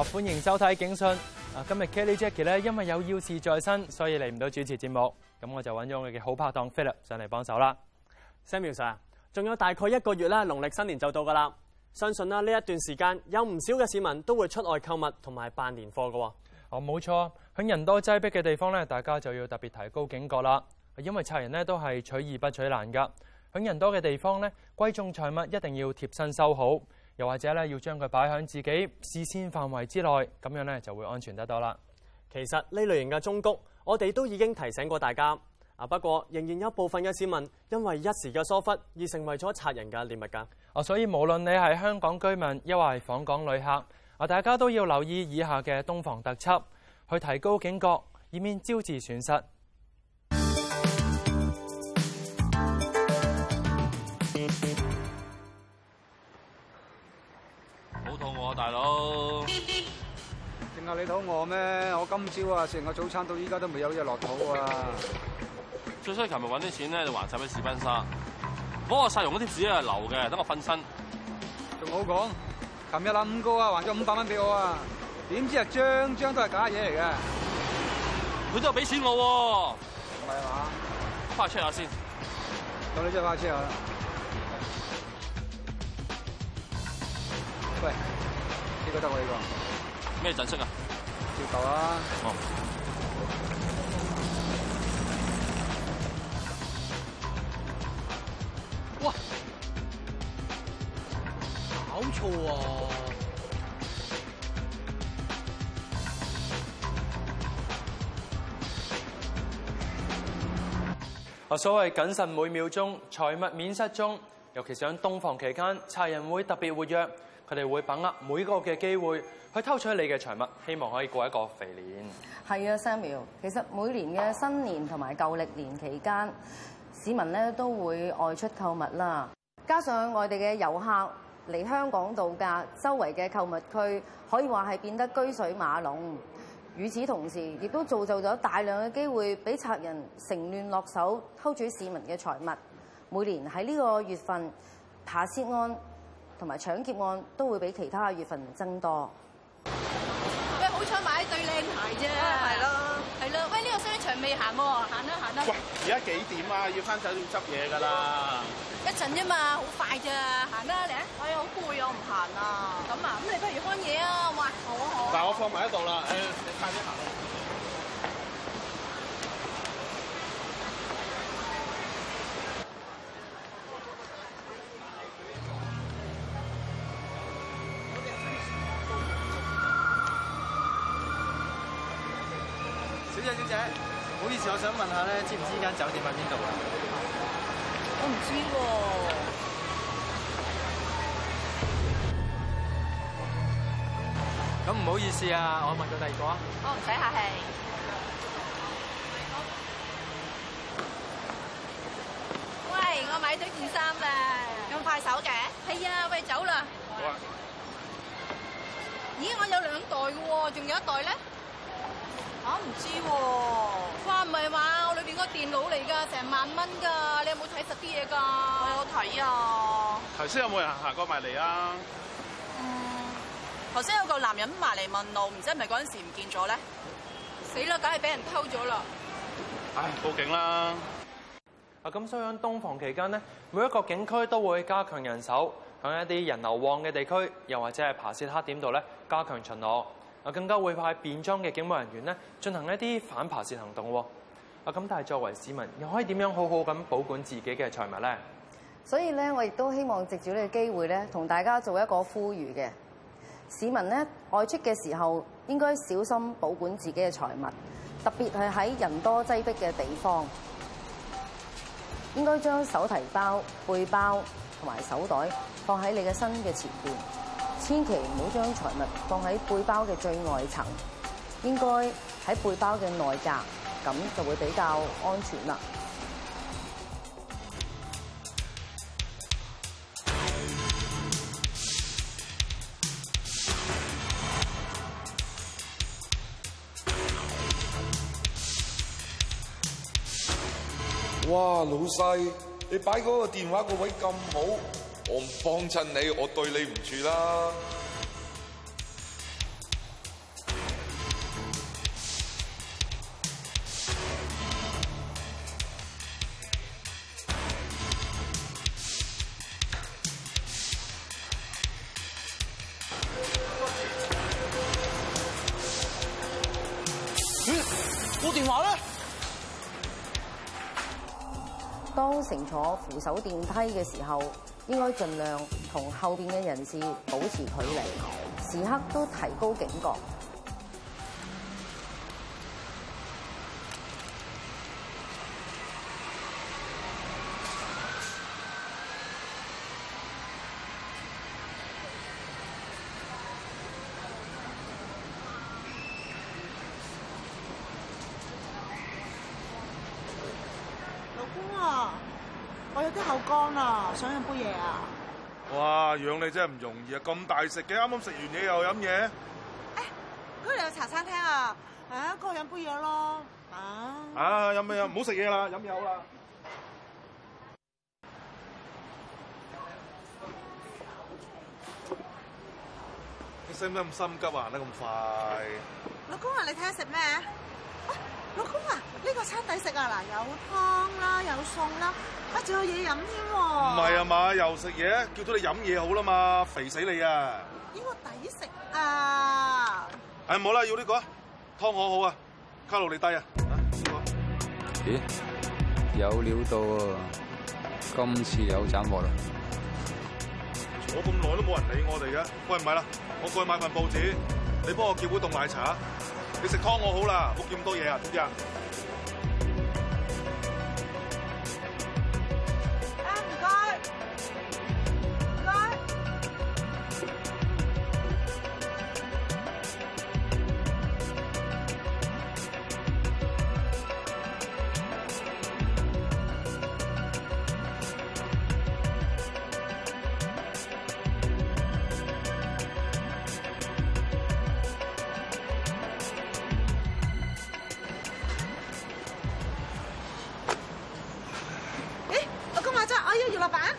哦，歡迎收睇警訊。今日 Kelly Jackie 咧，因為有要事在身，所以嚟唔到主持節目。咁我就揾咗我嘅好拍檔 Philip 上嚟幫手啦。Samuel sir，仲有大概一個月啦，農曆新年就到噶啦。相信啦，呢一段時間有唔少嘅市民都會出外購物同埋辦年貨噶。哦，冇錯，喺人多擠逼嘅地方咧，大家就要特別提高警覺啦。因為賊人呢都係取易不取難噶。喺人多嘅地方咧，貴重財物一定要貼身收好。又或者咧，要將佢擺喺自己視線範圍之內，咁樣咧就會安全得多啦。其實呢類型嘅中谷，我哋都已經提醒過大家啊，不過仍然有部分嘅市民因為一時嘅疏忽，而成為咗賊人嘅獵物㗎。所以無論你係香港居民，抑或係訪港旅客，啊，大家都要留意以下嘅冬防特輯，去提高警覺，以免招致損失。肚我大佬，正係你肚我咩？我今朝啊食完個早餐到依家都未有嘢落肚啊！最衰琴日搵啲錢咧就還債俾士賓沙，我個細蓉嗰啲紙係流嘅，等我分身。仲好講，琴日諗五哥啊還咗五百蚊俾我啊，點知啊張張都係假嘢嚟嘅。佢都俾錢我，唔係嘛？快去 check 下先，等你即翻去 check 下。喂，呢、這個得我呢、這個咩陣式啊？跳球啊！哇，搞錯啊！所謂謹慎每秒鐘，財物免失蹤，尤其是冬防期間，賊人會特別活躍。佢哋會把握每個嘅機會去偷取你嘅財物，希望可以過一個肥年。係啊，Samuel，其實每年嘅新年同埋舊曆年期間，市民咧都會外出購物啦。加上外地嘅遊客嚟香港度假，周圍嘅購物區可以話係變得車水馬龍。與此同時，亦都造就咗大量嘅機會俾賊人乘亂落手偷取市民嘅財物。每年喺呢個月份，扒竊案，同埋搶劫案都會比其他月份增多。喂、哎，好彩買對靚鞋啫。係、哎、咯，係咯、啊啊。喂，呢、這個商場未行喎，行啦、啊、行啦、啊。喂、啊，而家幾點啊？要返酒店執嘢㗎啦。一陣啫嘛，好快咋，行啦、啊、你。哎呀，好攰啊，我唔行啦。咁啊，咁你不如睇嘢啊。哇，好好啊。好但我放埋喺度啦。誒、哎，你快啲行啦。我想問下咧，知唔知依間酒店喺邊度啊？我唔知喎。咁唔好意思啊，我問咗第二個啊。哦，唔使客氣。喂，我買咗件衫㗎。用快手嘅？係啊，喂，走啦。好啊。咦，我有兩袋嘅喎，仲有一袋咧。啊，唔知喎。啊，哇唔係嘛，我裏邊嗰個電腦嚟噶，成萬蚊噶，你有冇睇實啲嘢噶？我睇啊。頭先有冇人行過埋嚟啊？嗯，頭先有個男人埋嚟問路，唔知係咪嗰陣時唔見咗咧？死啦，梗係俾人偷咗啦！唉、哎，報警啦！啊，咁所以喺冬防期間咧，每一個警區都會加強人手，響一啲人流旺嘅地區，又或者係扒竊黑點度咧，加強巡邏。更加會派便裝嘅警務人員咧，進行一啲反扒竊行動啊。咁，但係作為市民，又可以點樣好好咁保管自己嘅財物咧？所以咧，我亦都希望藉住呢個機會咧，同大家做一個呼籲嘅市民咧，外出嘅時候應該小心保管自己嘅財物，特別係喺人多擠迫嘅地方，應該將手提包、背包同埋手袋放喺你嘅身嘅前邊。千祈唔好將財物放喺背包嘅最外層，應該喺背包嘅內格，咁就會比較安全啦。哇，老細，你擺嗰個電話個位咁好！我唔幫襯你，我對你唔住啦。我電話咧。當乘坐扶手電梯嘅時候，應該盡量同後面嘅人士保持距離，時刻都提高警覺。想飲杯嘢啊！哇，養你真係唔容易啊！咁大食嘅，啊，啱啱食完嘢又飲嘢。誒、哎，嗰度有茶餐廳啊，啊，過去飲杯嘢咯。啊。啊，飲咪飲，唔、嗯、好食嘢啦，飲嘢好啦。你使唔使咁心急啊？行得咁快。老公啊，你睇下食咩？老公啊，呢個餐抵食啊！嗱，有湯啦，有餸啦，啊仲有嘢飲添喎！唔係啊嘛，又食嘢，叫到你飲嘢好啦嘛，肥死你啊！呢個抵食啊！哎，冇啦，要呢個，湯好好啊，卡路里低啊，啊，咦，有料到啊！今次有斬獲啦！坐咁耐都冇人理我哋㗎，喂，唔係啦，我過去買份報紙，你幫我叫杯凍奶茶你食湯我好啦，服咗咁多嘢啊，點知啊？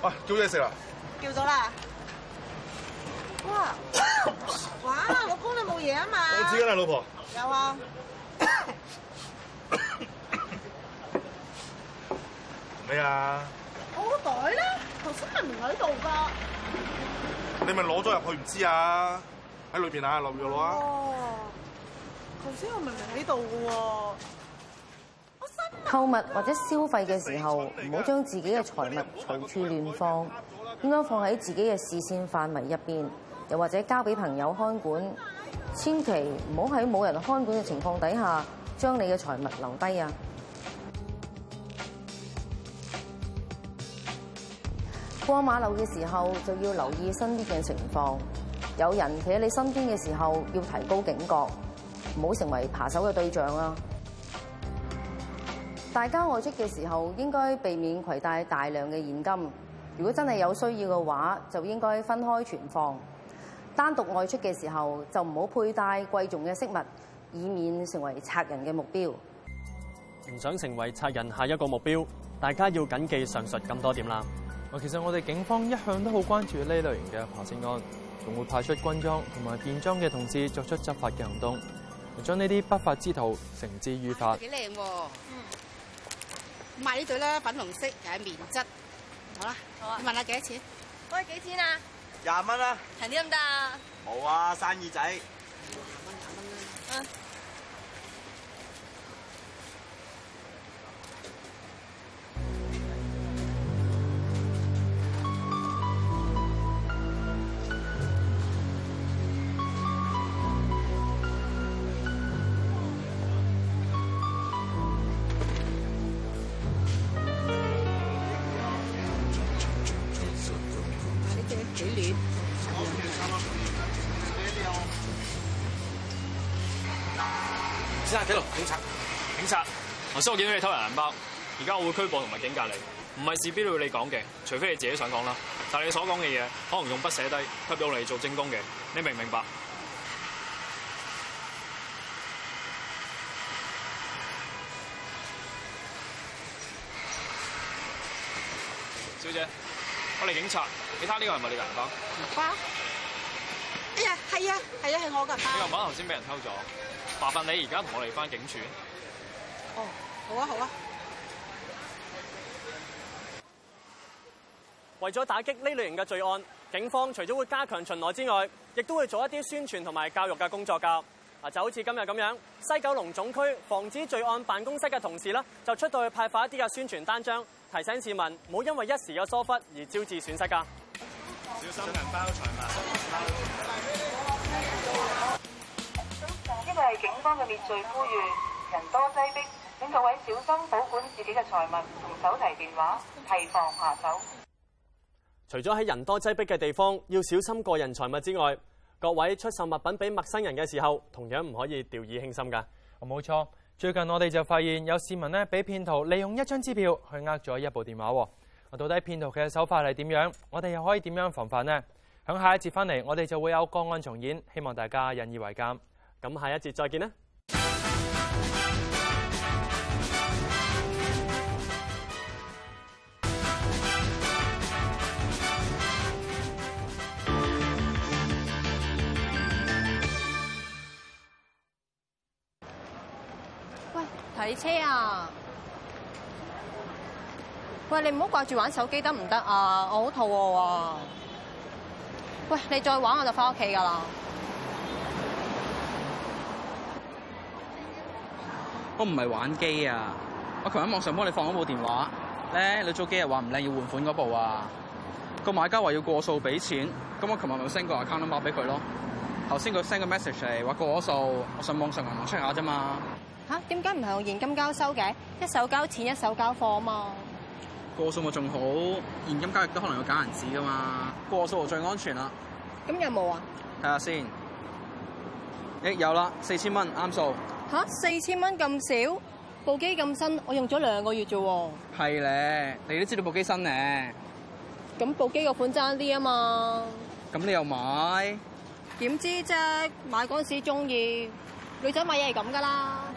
啊，叫嘢食啦！叫咗啦！哇哇，老公你冇嘢啊嘛？我知噶啦，老婆。有啊。咩啊？我個袋咧？頭先明明喺度噶。你咪攞咗入去唔知啊？喺裏邊啊，落藥落啊。哦。頭先我明明喺度噶喎。購物或者消費嘅時候，唔好將自己嘅財物隨處亂放，應該放喺自己嘅視線範圍入邊，又或者交俾朋友看管。千祈唔好喺冇人看管嘅情況底下，將你嘅財物留低啊！過馬路嘅時候就要留意身邊嘅情況，有人企喺你身邊嘅時候，要提高警覺，唔好成為扒手嘅對象啊！大家外出嘅時候應該避免攜帶大量嘅現金。如果真係有需要嘅話，就應該分開存放。單獨外出嘅時候就唔好佩戴貴重嘅飾物，以免成為賊人嘅目標。唔想成為賊人下一個目標，大家要謹記上述咁多點啦。其實我哋警方一向都好關注呢類型嘅扒竊案，仲會派出軍裝同埋便裝嘅同事作出執法嘅行動，將呢啲不法之徒繩之於法。幾靚喎！買呢對啦，粉紅色又係棉質，好啦，好啊，你問一下幾多錢？開幾錢二啊，啊？廿蚊啊？平啲得唔得啊？冇啊，生意仔。所先我見到你偷人銀包，而家我會拘捕同埋警戒你，唔係事必要你講嘅，除非你自己想講啦。但係你所講嘅嘢，可能用筆寫低，吸到我哋做證供嘅，你明唔明白？小姐，我哋警察，你睇下呢個係咪你嘅銀包？銀、啊啊啊啊、包？哎呀，係啊，係啊，係我㗎。你銀包頭先俾人偷咗，麻煩你而家同我哋翻警署。哦。好啊，好啊！為咗打擊呢類型嘅罪案，警方除咗會加強巡邏之外，亦都會做一啲宣傳同埋教育嘅工作噶。嗱，就好似今日咁樣，西九龍總區防止罪案辦公室嘅同事呢，就出到去派發一啲嘅宣傳單張，提醒市民唔好因為一時嘅疏忽而招致損失噶。小心銀包財物，呢個係警方嘅滅罪呼籲，人多擠迫。請各位小心保管自己嘅財物，同手提電話提防下手。除咗喺人多擠逼嘅地方要小心個人財物之外，各位出售物品俾陌生人嘅時候，同樣唔可以掉以輕心噶。冇錯，最近我哋就發現有市民呢，俾騙徒利用一張支票去呃咗一部電話。到底騙徒嘅手法係點樣？我哋又可以點樣防範呢？響下一節翻嚟，我哋就會有個案重演，希望大家引以為鑒。咁下一節再見啦！你車啊！喂，你唔好掛住玩手機得唔得啊？我好肚餓啊！喂，你再玩我就翻屋企噶啦！我唔係玩機啊！我琴日喺網上幫你放咗部電話咧，你做機人話唔靚要換款嗰部啊，個買家話要過數俾錢，咁我琴日咪 send 個 account number 俾佢咯。頭先佢 send 個 message 嚟話過咗數，我上網上銀行 check 下啫嘛。點解唔係用現金交收嘅？一手交錢一手交貨啊嘛！個數咪仲好，現金交易都可能有假銀紙噶嘛。個數就最安全啦。咁有冇啊？睇下先，咦、啊、有啦，四千蚊啱數。吓，四千蚊咁少，部機咁新，我用咗兩個月啫喎。係咧，你都知道部機新咧。咁部機個款爭啲啊嘛。咁你又買？點知啫？買嗰陣時中意女仔買嘢係咁噶啦。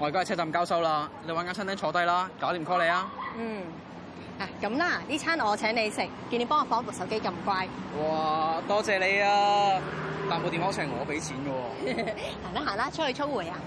我而家喺車站交收啦，你揾間餐廳坐低啦，搞掂 call 你啊。嗯，嗱咁啦，呢餐我請你食，見你幫我放部手機咁乖。哇，多謝你啊，但部電話好似係我俾錢嘅喎。行啦行啦，出去出會啊！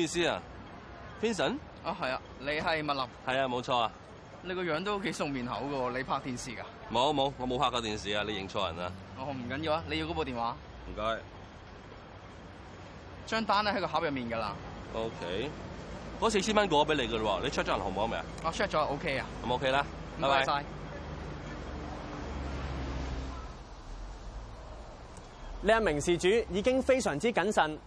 意思啊 Vinson 啊，係啊，你係物流？係啊，冇錯啊。你個樣都幾送面口噶喎，你拍電視噶？冇冇，我冇拍過電視啊，你認錯人啊。哦，唔緊要啊，你要嗰部電話？唔該。張單咧喺個盒入面噶啦。O K，嗰四千蚊我俾你噶啦，你 charge 完紅網未啊？我 charge 咗，O K 啊。咁 OK 啦，拜拜。呢、嗯、一名事主已經非常之謹慎。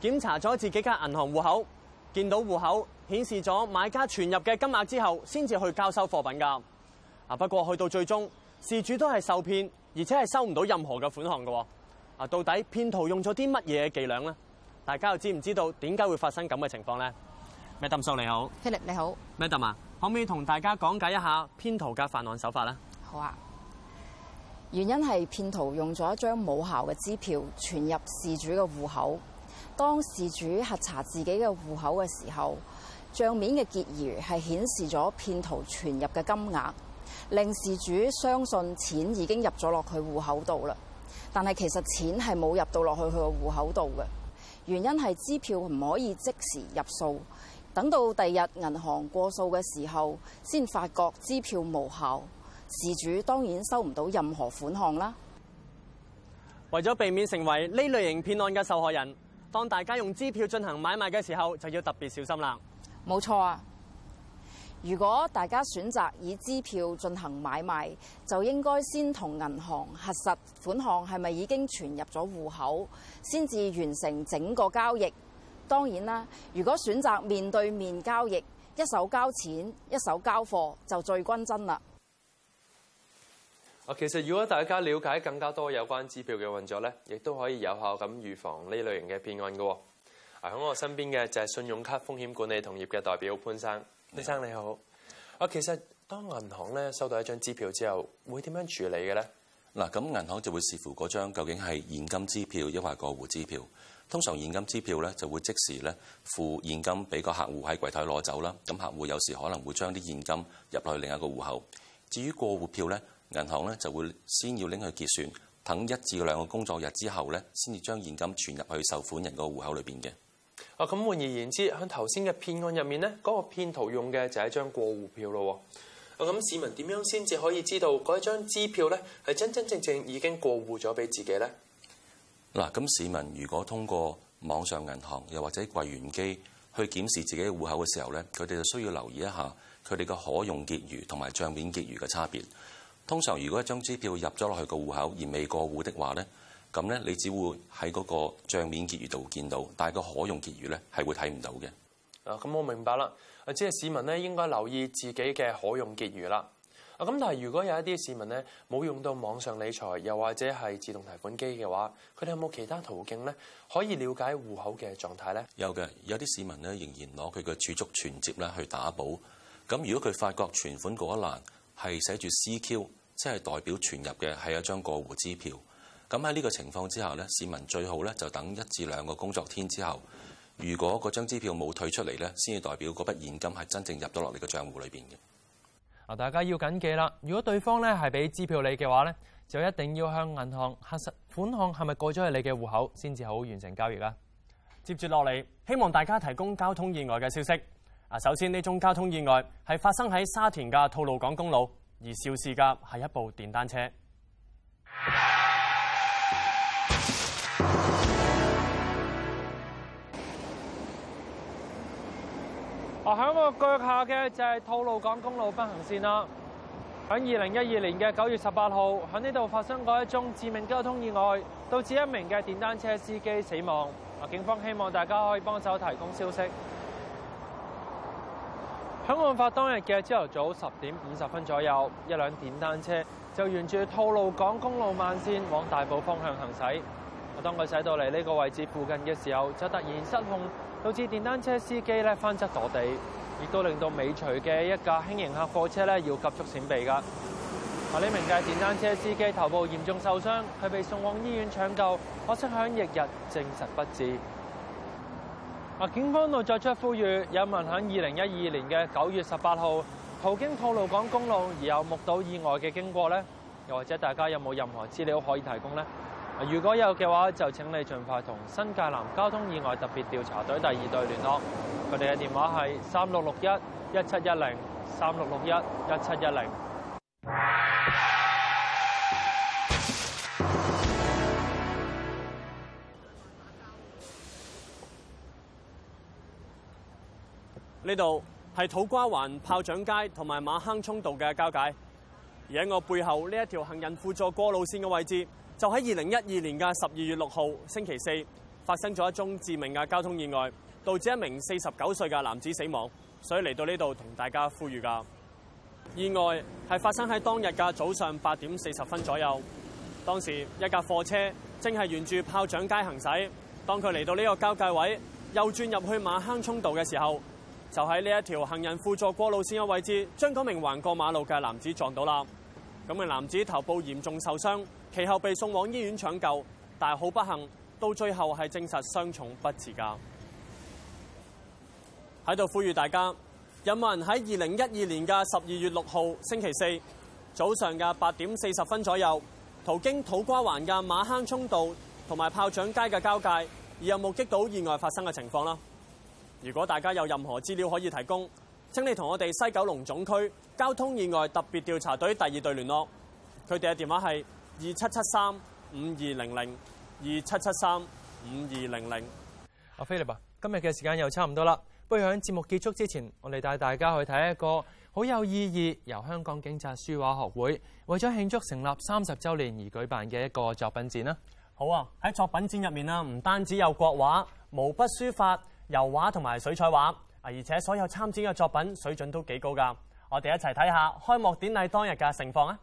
檢查咗自己家銀行戶口，見到戶口顯示咗買家存入嘅金額之後，先至去交收貨品噶。啊，不過去到最終，事主都係受騙，而且係收唔到任何嘅款項噶。啊，到底騙徒用咗啲乜嘢伎倆呢？大家又知唔知道點解會發生咁嘅情況呢？Madam，Sir 你好 Hello，你好，Madam 啊，可唔可以同大家講解一下騙徒嘅犯案手法呢？好啊，原因係騙徒用咗一張冇效嘅支票存入事主嘅戶口。當事主核查自己嘅戶口嘅時候，帳面嘅結餘係顯示咗騙徒存入嘅金額，令事主相信錢已經入咗落佢戶口度啦。但係其實錢係冇入到落去佢個戶口度嘅，原因係支票唔可以即時入數，等到第日銀行過數嘅時候，先發覺支票無效，事主當然收唔到任何款項啦。為咗避免成為呢類型騙案嘅受害人。當大家用支票進行買賣嘅時候，就要特別小心啦。冇錯啊！如果大家選擇以支票進行買賣，就應該先同銀行核實款項係咪已經存入咗戶口，先至完成整個交易。當然啦，如果選擇面對面交易，一手交錢，一手交貨就最均真啦。啊，其實如果大家了解更加多有關支票嘅運作咧，亦都可以有效咁預防呢類型嘅騙案嘅喎、哦。啊，喺我身邊嘅就係信用卡風險管理同業嘅代表潘先生，潘生你好。啊，其實當銀行咧，收到一張支票之後，會點樣處理嘅咧？嗱，咁銀行就會視乎嗰張究竟係現金支票，抑或係過戶支票。通常現金支票咧，就會即時咧，付現金俾個客戶喺櫃台攞走啦。咁客戶有時可能會將啲現金入去另一個戶口。至於過戶票咧，銀行咧就會先要拎去結算，等一至兩個工作日之後咧，先至將現金存入去受款人個戶口裏邊嘅。啊，咁換而言之，響頭先嘅騙案入面呢，嗰、嗰個騙徒用嘅就係一張過戶票咯。啊，咁市民點樣先至可以知道嗰一張支票咧係真真正正已經過戶咗俾自己呢？嗱、啊，咁市民如果通過網上銀行又或者櫃員機去檢視自己嘅戶口嘅時候咧，佢哋就需要留意一下佢哋嘅可用結餘同埋帳面結餘嘅差別。通常如果一張支票入咗落去個戶口而未過戶的話咧，咁咧你只會喺嗰個帳面結餘度見到，但係個可用結餘咧係會睇唔到嘅。啊，咁我明白啦。啊，即係市民咧應該留意自己嘅可用結餘啦。啊，咁但係如果有一啲市民咧冇用到網上理財，又或者係自動提款機嘅話，佢哋有冇其他途徑咧可以了解戶口嘅狀態咧？有嘅，有啲市民咧仍然攞佢嘅儲蓄存折咧去打簿。咁如果佢發覺存款嗰一欄係寫住 CQ。即係代表存入嘅係一張過戶支票。咁喺呢個情況之下咧，市民最好咧就等一至兩個工作天之後，如果嗰張支票冇退出嚟呢，先至代表嗰筆現金係真正入咗落你嘅賬戶裏邊嘅。大家要緊記啦，如果對方咧係俾支票你嘅話呢，就一定要向銀行核實款項係咪過咗去你嘅戶口，先至好完成交易啦。接住落嚟，希望大家提供交通意外嘅消息。啊，首先呢宗交通意外係發生喺沙田嘅吐露港公路。而肇事架係一部電單車。啊，喺我腳下嘅就係吐露港公路北行線啦。喺二零一二年嘅九月十八號，喺呢度發生過一宗致命交通意外，導致一名嘅電單車司機死亡。啊，警方希望大家可以幫手提供消息。喺案發當日嘅朝頭早十點五十分左右，一輛電單車就沿住吐露港公路慢線往大埔方向行駛。當佢駛到嚟呢個位置附近嘅時候，就突然失控，導致電單車司機咧翻側倒地，亦都令到尾隨嘅一架輕型客貨車咧要急速閃避噶。啊！呢名嘅電單車司機頭部嚴重受傷，佢被送往醫院搶救，可惜喺翌日，日證實不治。啊！警方路再作出呼籲，有民喺二零一二年嘅九月十八號途經吐露港公路，而有目睹意外嘅經過呢？又或者大家有冇任何資料可以提供呢？如果有嘅話，就請你盡快同新界南交通意外特別調查隊第二隊聯絡，佢哋嘅電話係三六六一一七一零，三六六一一七一零。呢度係土瓜灣炮仗街同埋馬坑涌道嘅交界，而喺我背後呢一條行人輔助過路線嘅位置，就喺二零一二年嘅十二月六號星期四發生咗一宗致命嘅交通意外，導致一名四十九歲嘅男子死亡。所以嚟到呢度同大家呼籲㗎。意外係發生喺當日嘅早上八點四十分左右。當時一架貨車正係沿住炮仗街行駛，當佢嚟到呢個交界位，又轉入去馬坑涌道嘅時候，就喺呢一條行人輔助過路線嘅位置，將嗰名橫過馬路嘅男子撞到啦。咁名男子頭部嚴重受傷，其後被送往醫院搶救，但係好不幸，到最後係證實傷重不治㗎。喺度呼籲大家，有冇人喺二零一二年嘅十二月六號星期四早上嘅八點四十分左右，途經土瓜灣嘅馬坑涌道同埋炮仗街嘅交界，而有目擊到意外發生嘅情況啦？如果大家有任何資料可以提供，請你同我哋西九龍總區交通意外特別調查隊第二隊聯絡，佢哋嘅電話係二七七三五二零零二七七三五二零零。阿菲，今日嘅時間又差唔多啦。不如喺節目結束之前，我哋帶大家去睇一個好有意義，由香港警察書畫學會為咗慶祝成立三十週年而舉辦嘅一個作品展啦。好啊，喺作品展入面啊，唔單止有國畫、毛筆書法。油畫同埋水彩畫啊，而且所有參展嘅作品水準都幾高噶，我哋一齊睇下開幕典禮當日嘅盛況啊！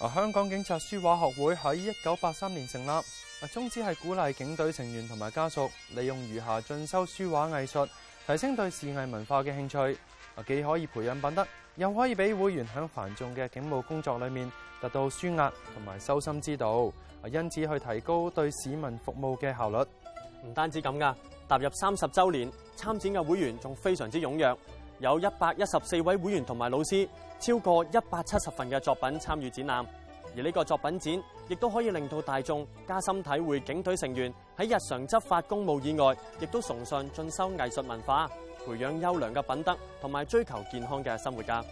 啊，香港警察書畫學會喺一九八三年成立，宗旨係鼓勵警隊成員同埋家屬利用餘暇進修書畫藝術，提升對視藝文化嘅興趣，啊，既可以培養品德。又可以俾會員喺繁重嘅警務工作裏面達到舒壓同埋修心之道，因此去提高對市民服務嘅效率。唔單止咁噶，踏入三十周年參展嘅會員仲非常之踴躍，有一百一十四位會員同埋老師，超過一百七十份嘅作品參與展覽。而呢個作品展亦都可以令到大眾加深體會警隊成員喺日常執法公務以外，亦都崇尚進修藝術文化。培養優良嘅品德，同埋追求健康嘅生活家。